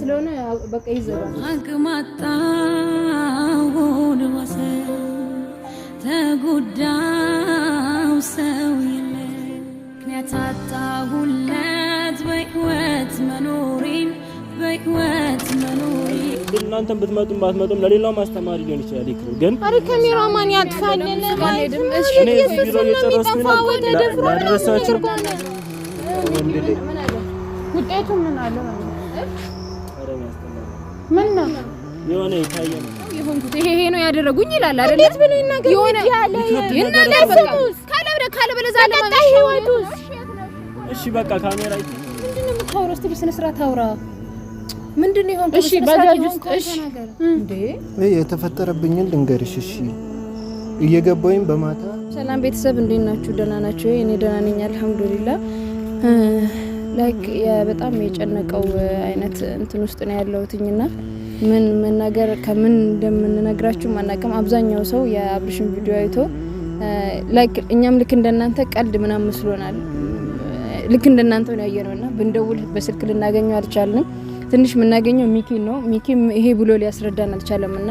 ስለሆነ በቃ ይዘጋል። ተጎዳው ሰው የለ ምክንያት አጣሁለት በህይወት በህይወት እናንተም ብትመጡም ባትመጡም ለሌላው ማስተማሪ ሊሆን ይችላል። ይክሩ ግን አረ ካሜራማን ያጥፋል። ውጤቱ ምን አለ? ምን ነው የሆነ የታየ ነው ይሄ ነው ያደረጉኝ ይላል አይደል? እንዴት ብሎ ይናገር ይችላል? ይናገር በቃ ካለ ብለ ካለ ብለ እሺ በቃ ካሜራ ምንድን ነው የምታወራው? እስቲ በስነ ስርዓት አውራ። ምንድን ነው ይሆን? እሺ ባጃጅ ውስጥ እሺ እንዴ እይ የተፈጠረብኝን ልንገርሽ። እሺ እየገባሁኝ በማታ ሰላም ቤተሰብ እንዴት ናችሁ? ደህና ናችሁ? እኔ ደህና ነኝ አልሐምዱሊላህ። ላይክ በጣም የጨነቀው አይነት እንትን ውስጥ ነው ና ምን መናገር ከምን እንደምንነግራችሁ አናውቅም። አብዛኛው ሰው የአብርሽን ቪዲዮ አይቶ ላይክ እኛም ልክ እንደናንተ ቀልድ ምናም መስሎናል። ልክ እንደናንተ ነው ያየነው እና ብንደውል በስልክ ልናገኘው አልቻልንም። ትንሽ የምናገኘው ሚኪ ነው። ሚኪም ይሄ ብሎ ሊያስረዳን አልቻለም እና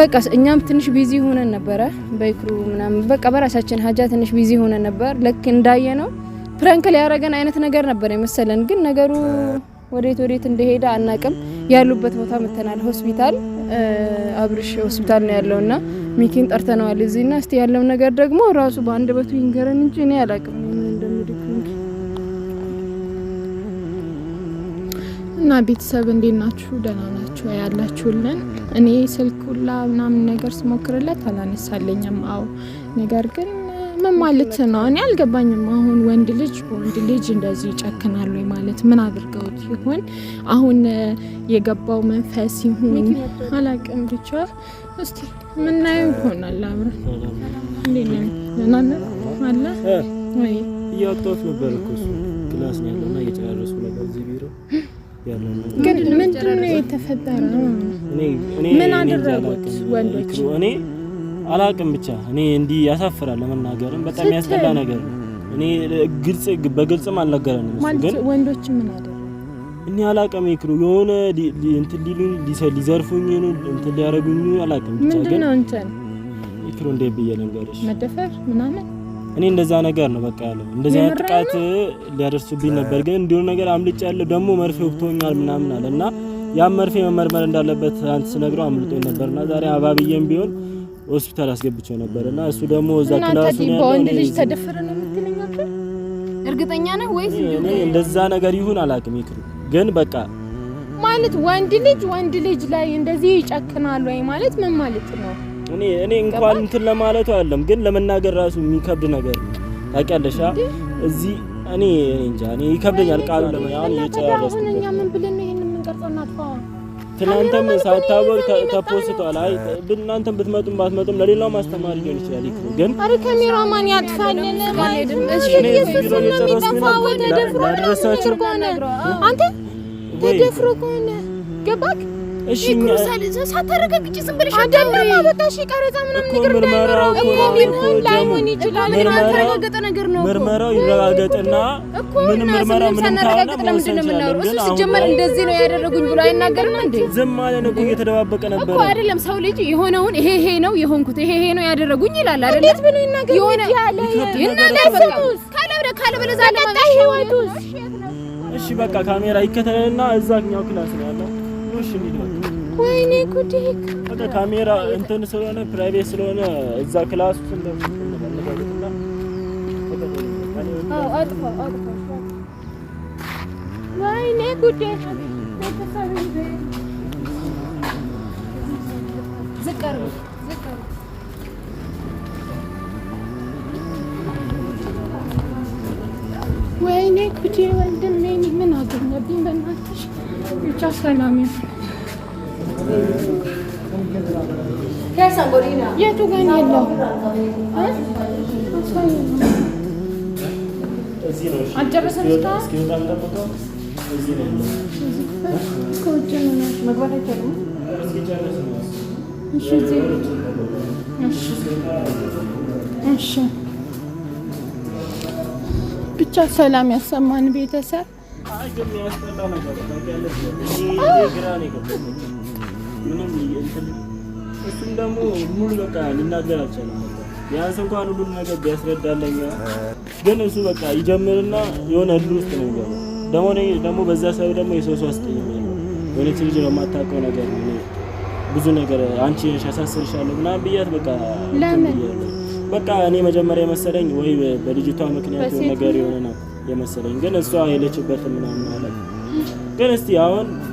በቃ እኛም ትንሽ ቢዚ ሆነን ነበረ በይክሩ ምናምን በቃ በራሳችን ሀጃ ትንሽ ቢዚ ሆነን ነበር ልክ እንዳየ ነው ፕራንክ ሊያረገን አይነት ነገር ነበር የመሰለን፣ ግን ነገሩ ወዴት ወዴት እንደሄደ አናቅም። ያሉበት ቦታ መተናል። ሆስፒታል አብርሽ ሆስፒታል ነው ያለውና ሚኪን ጠርተነዋል እዚህና እስቲ ያለው ነገር ደግሞ ራሱ በአንድ በቱ ይንገረን እንጂ እኔ አላቅም እና ቤተሰብ እንዴት ናችሁ? ደህና ናችሁ ያላችሁልን? እኔ ስልኩላ ምናምን ነገር ስሞክርለት አላነሳለኝም። አዎ ነገር ግን ምን ማለት ነው? እኔ አልገባኝም። አሁን ወንድ ልጅ ወንድ ልጅ እንደዚህ ይጨክናሉ ማለት ምን አድርገውት ይሆን? አሁን የገባው መንፈስ ይሁን አላውቅም። ብቻ እስቲ ምናየው ይሆናል። አብረን እንዴት ነው? ደህና ነህ አለ ወይ? እያወጣሁት ነበር እኮ እሱ ክላስ ነው ያለውና እየጨራረሱ ነበር እዚህ ቢሮ ግን ምንድን ነው የተፈጠረው? ምን አደረጉት ወንዶች? አላቅም ብቻ እኔ እንዲህ ያሳፍራል ለመናገርም በጣም ያስጠላ ነገር እኔ ግልጽ በግልጽም አልነገረንም ግን ወንዶች ምን አደረጉ እኔ አላቅም ይክሩ የሆነ እንትን ሊሉኝ ሊዘርፉኝ ነው እንትን ሊያረጉኝ አላቅም ብቻ ግን ይክሩ እንደ ብዬ ልንገርሽ መደፈር ምናምን እኔ እንደዛ ነገር ነው በቃ ያለው እንደዚህ አይነት ጥቃት ሊያደርሱብኝ ነበር ግን እንዲሁ ነገር አምልጭ ያለው ደግሞ መርፌ ወቅቶኛል ምናምን አለ እና ያም መርፌ መመርመር እንዳለበት አንተ ስነግረው አምልጦኝ ነበርና ዛሬ አባብዬም ቢሆን ሆስፒታል አስገብቼው ነበር እና እሱ ደግሞ እዛ ክላሱ ነው በወንድ ልጅ ተደፈረ ነው የምትለኝ። እርግጠኛ ነህ ወይስ እንደዛ ነገር ይሁን አላውቅም። ይክሩ ግን በቃ ማለት ወንድ ልጅ ወንድ ልጅ ላይ እንደዚህ ይጨክናል ወይ ማለት ምን ማለት ነው? እኔ እኔ እንኳን እንትን ለማለቱ አይደለም ግን ለመናገር ራሱ የሚከብድ ነገር ነው። ታውቂያለሽ። እዚህ እኔ እኔ እንጃ እኔ ይከብደኛል ቃሉ ለምን አሁን እየጨረስኩ ነው። እኛ ምን ብለን ነው ይሄን የምንቀርጸው እናጥፋው ትናንተም ሳታወቅ ተፖስቷል። አይ እናንተም ብትመጡም ባትመጡም ለሌላው ማስተማር ሊሆን ይችላል። ይክ ግን አሪ ካሜራማን ያጥፋልን ማለት እሺ፣ ቢሮ እየጨረስኩ ነው። ደፍሮ አንተ ተደፍሮ ከሆነ ገባክ ምርመራው ይረጋገጥና ምርመራ ሲጀመር እንደዚህ ነው ያደረጉኝ ብሎ አይናገርም እንዴ? ዝም እኮ እየተደባበቀ ነበር እኮ አይደለም። ሰው ልጅ የሆነውን ይሄ ይሄ ነው የሆንኩት ይሄ ይሄ ነው ያደረጉኝ ይላል እንዴት ብሎ ይናገር ይናገር በቃ ካለብረ ካለብረ ነው። እሺ በቃ ካሜራ ይከተልና እዛኛው ክላስ ነው ያለው ወይኔ ጉዴ! በቃ ካሜራ እንትን ስለሆነ ፕራይቬት ስለሆነ እዛ ክላስ ጉዴ! ወይኔ ጉዴ! ወንድሜ ምን አገኘብኝ? በእናትሽ ብቻ ሰላም ይሁን። የቱ ጋን የለው? አልጨረሰም። ብቻ ሰላም ያሰማን ቤተሰብ ምንም እንትን እሱም ደግሞ ሙሉ በቃ ልናገር አልቻለም። ቢያንስ እንኳን ሁሉም ነገር ቢያስረዳለኝ ግን እሱ በቃ ይጀምርና የሆነ ህልም ውስጥ ነው የሚገባው። ደግሞ ደግሞ በዛ ሰብ ደግሞ የሰው ሰው አስጠይመኝ የሆነች ልጅ ነው የማታውቀው ነገር ብዙ ነገር አንቺ ያሳስርሻለሁ ምናምን ብያት በቃ በቃ እኔ መጀመሪያ የመሰለኝ ወይ በልጅቷ ምክንያት ነገር የሆነ ነው የመሰለኝ፣ ግን እሷ የለችበትም ምናምን አለ። ግን እስቲ አሁን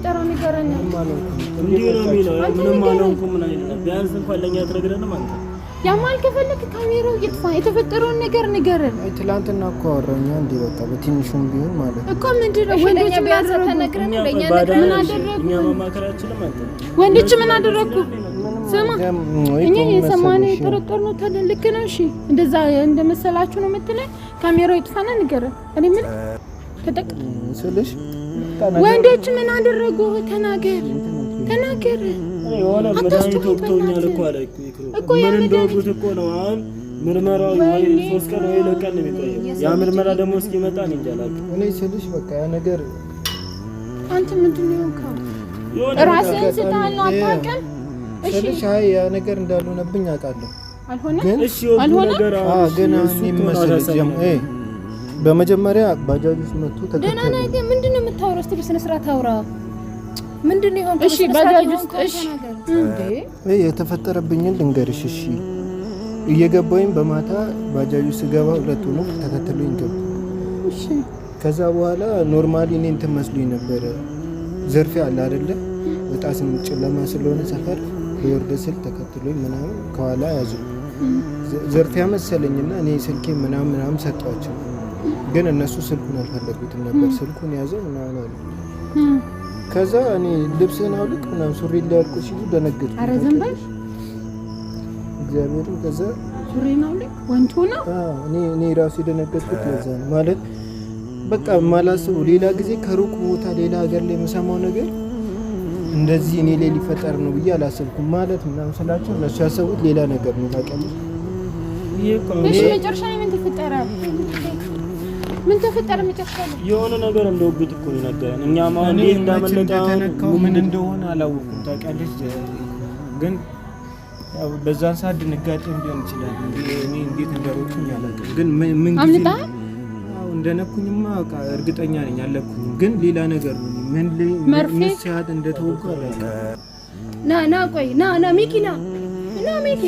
የተፈጠረው ንገረኝ። እንዲህ ነው የሚለው ምንም አልሆንኩም። ምን አይነት ቢያንስ እንኳን ለእኛ ትነግረንም አንተ ያማል ከፈለክ ካሜራው ይጥፋ። የተፈጠረውን ነገር ንገረን። ትላንትና እኮ አወራኛ እንዴ በቃ በትንሹም ቢሆን ማለት እኮ ምንድን ነው ወንዶች ምን አደረጉ? ወንዶች ምን አደረጉ? እኛ የሰማነው የጠረጠርነው ታዲያ ልክ ነው። እሺ እንደዛ እንደመሰላችሁ ነው የምትለኝ? ካሜራው ይጥፋና ንገረን። እኔ ምን ተጠቅ ስልሽ ወንዶች ምን አደረጉ? ተናገር ተናገር። የሆነ መድኃኒት ወቅቶኛል እኮ አለ እኮ ምን እንደወጉት እኮ ነው። አሁን ምርመራው ወይ ሶስት ቀን ወይ ሁለት ቀን ነው የሚቆየው። ያ ምርመራ ደግሞ እስኪመጣ ነው እንጃ እኔ ስልሽ በቃ ያ ነገር አንተ ምንድን ነው ራስህን ስታል ነው አታውቅም። ስልሽ አይ ያ ነገር እንዳልሆነብኝ አውቃለሁ። አልሆነ እሺ፣ አልሆነ ነገር አዎ ግን የሚመስል እ በመጀመሪያ ባጃጅ ውስጥ መጥቶ ደህና ነህ አይደል? ምንድን ነው የምታወራው? እስኪ በስነ ስርዓት አውራ። ምንድን ነው የሆንኩት? እሺ ባጃጅ ውስጥ እሺ፣ እንዴ የተፈጠረብኝን ልንገርሽ። እሺ እየገባሁኝ በማታ ባጃጅ ውስጥ ገባ፣ ሁለት ሆኖ ተከትሎኝ ገባ። እሺ ከዛ በኋላ ኖርማሊ እኔ እንትን መስሎኝ ነበረ። ዘርፊያ አለ አይደለ? በጣም ጨለማ ስለሆነ ሰፈር የወርደ ስል ተከትሎኝ ምናምን ከኋላ ያዙ። ዘርፊያ መሰለኝና እኔ ስልኬ ምናምን ምናምን ሰጧቸው። ግን እነሱ ስልኩን አልፈለጉትም ነበር። ስልኩን ያዘ ምናምን አሉ። ከዛ እኔ ልብስህን አውልቅ ምናምን ሱሪ ሊያልቁ ሲሉ ደነገጥኩ። ኧረ ዝም በል እግዚአብሔርን። ከዛ ሱሪ አውልቅ ወንቱ ነው እኔ እኔ ራሱ የደነገጥኩት ለዛ ነው ማለት በቃ ማላስበው ሌላ ጊዜ ከሩቅ ቦታ ሌላ ሀገር ላይ የምሰማው ነገር እንደዚህ እኔ ላይ ሊፈጠር ነው ብዬ አላሰብኩም። ማለት ምናምን ስላቸው እነሱ ያሰቡት ሌላ ነገር ነው ታውቂያለሽ። ይህ መጨረሻ ምን ተፈጠረ? ምን ተፈጠረ? መጨረሻ የሆነ ነገር እንደውብት እኮ ነው ይነገረን። እኛም አሁን እንዴት እንዳመለጠ ምን እንደሆነ አላወኩም። ታውቂያለሽ ግን ያው በዛን ሰዓት ድንጋጤም ሊሆን ይችላል። እንዴ እኔ እንዴት እንደሮኩኝ አላውቅም፣ ግን ምን ግን አው እንደነኩኝማ በቃ እርግጠኛ ነኝ አለኩኝ። ግን ሌላ ነገር ነው። ምን ምን ሲያት እንደተወኩ አላውቅም። ና ና ቆይ ና ና ሚኪ ና ና ሚኪ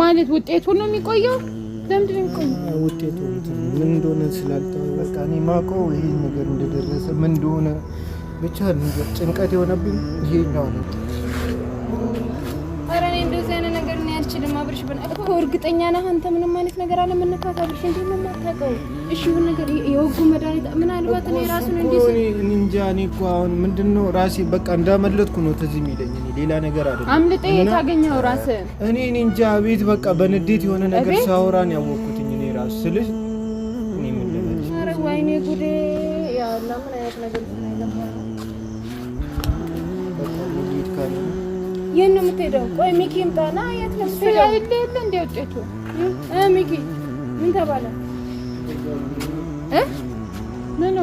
ማለት ውጤቱ ነው የሚቆየው። ለምንድን ነው የሚቆየው? ውጤቱ ምን እንደሆነ ስላልተ በቃ እኔ የማውቀው ይሄ ነገር እንደደረሰ ምን እንደሆነ ብቻ ጭንቀት የሆነብኝ ይሄኛው ነው። እኮ እርግጠኛ ነህ አንተ? ምንም አይነት ነገር አለ መነካት አብርሽ፣ እንዴት ነው የማታውቀው? እሺ ይሁን ነገር የወጉ መድኃኒት ምናልባት እኔ ራሱን እንዴ እኔ እንጃ። እኔ እኮ አሁን ምንድን ነው ራሴ በቃ እንዳመለጥኩ ነው ትዝ የሚለኝ። እኔ ሌላ ነገር አይደለም። አምልጠ የታገኘው ራስህ? እኔ እኔ እንጃ ቤት በቃ በንዴት የሆነ ነገር ሳውራን ያወቅኩትኝ እኔ ራሱ ስልሽ እኔ ምን ልበልሽ? ኧረ ወይኔ ጉዴ! ያላ ምን አይነት ነገር ነው የት ነው የምትሄደው? ቆይ ሚኪ ይምጣና የት ነው የምትሄደው? እንደ ውጤቱ ሚኪ ምን ተባለ? ምኑ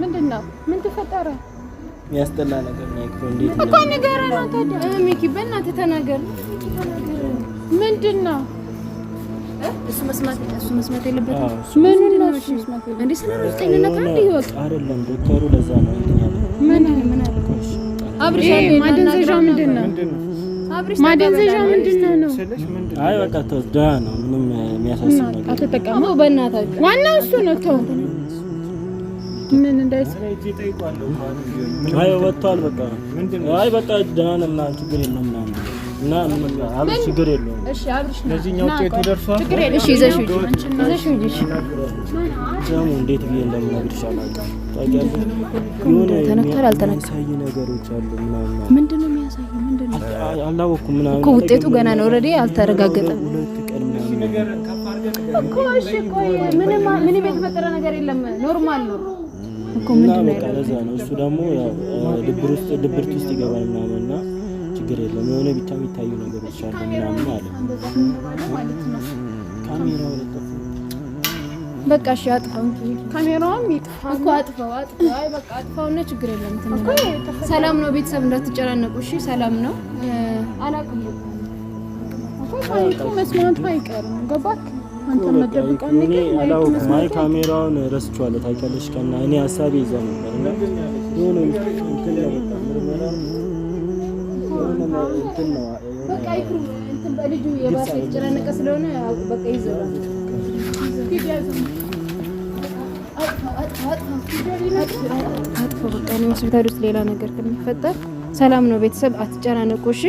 ምንድን ነው? ምን ተፈጠረ? ያስጠላ ነገር እኮ ንገረን አንተ። ሚኪ በእናትህ ተናገር። ምንድን ነው እሱ መስማት የለበትም። አይደለም ዶክተሩ። ለዛ ነው ምን አለ ማደንዘዣ ምንድን ነው? ማደንዘዣ ምንድን ነው? አይ በቃ ተው፣ ደህና ነው። ምንም የሚያሳስብ ነገር ዋናው እሱ ነው። ተው ምን ወጥቷል። በቃ አይ በቃ ደህና ነው ምናምን ችግር የለውም ምናምን እና ችግር የለውም። እሺ ለዚህኛው ውጤቱ ደርሷል። ችግር የለውም። እሺ ይዘሽ ሂጂ፣ ይዘሽ ሂጂ። ደግሞ እንዴት ብዬ እንደምነግርሽ አላውቅም። ታውቂያለሽ የሆነ ነገሮች አሉ ምናምን ምንድን ነው እኮ ውጤቱ ገና ነው። ኦልሬዲ አልተረጋገጠም እኮ። እሺ ቆይ ምንም የተፈጠረ ነገር የለም። ኖርማል ነው ለዛ ነው እሱ ደግሞ ድብርት ውስጥ ይገባል ምናምን እና ችግር የለም የሆነ ብቻ የሚታዩ ነገሮች አለ ምናምን አለ ካሜራው በቃ እሺ፣ አጥፋው እንጂ ካሜራውም ይጥፋ እኮ አጥፋው፣ አጥፋው። አይ በቃ አጥፋው እና ችግር የለም ሰላም ነው። ቤተሰብ እንዳትጨናነቁ እሺ። ሰላም ነው። አላውቅም እኮ መስማቱ አይቀርም። ካሜራውን ረስቼዋለሁ። ታውቂያለሽ፣ ቀና እኔ ሀሳቤ ይዛ ነበር ነው በቃ ይክሩ እንትን በልጁ የባሰ የተጨናነቀ ስለሆነ በቃ ይዘራል አጥፎ በቃ ሆስፒታል ውስጥ ሌላ ነገር ከሚፈጠር ሰላም ነው ቤተሰብ አትጨናነቁ እሺ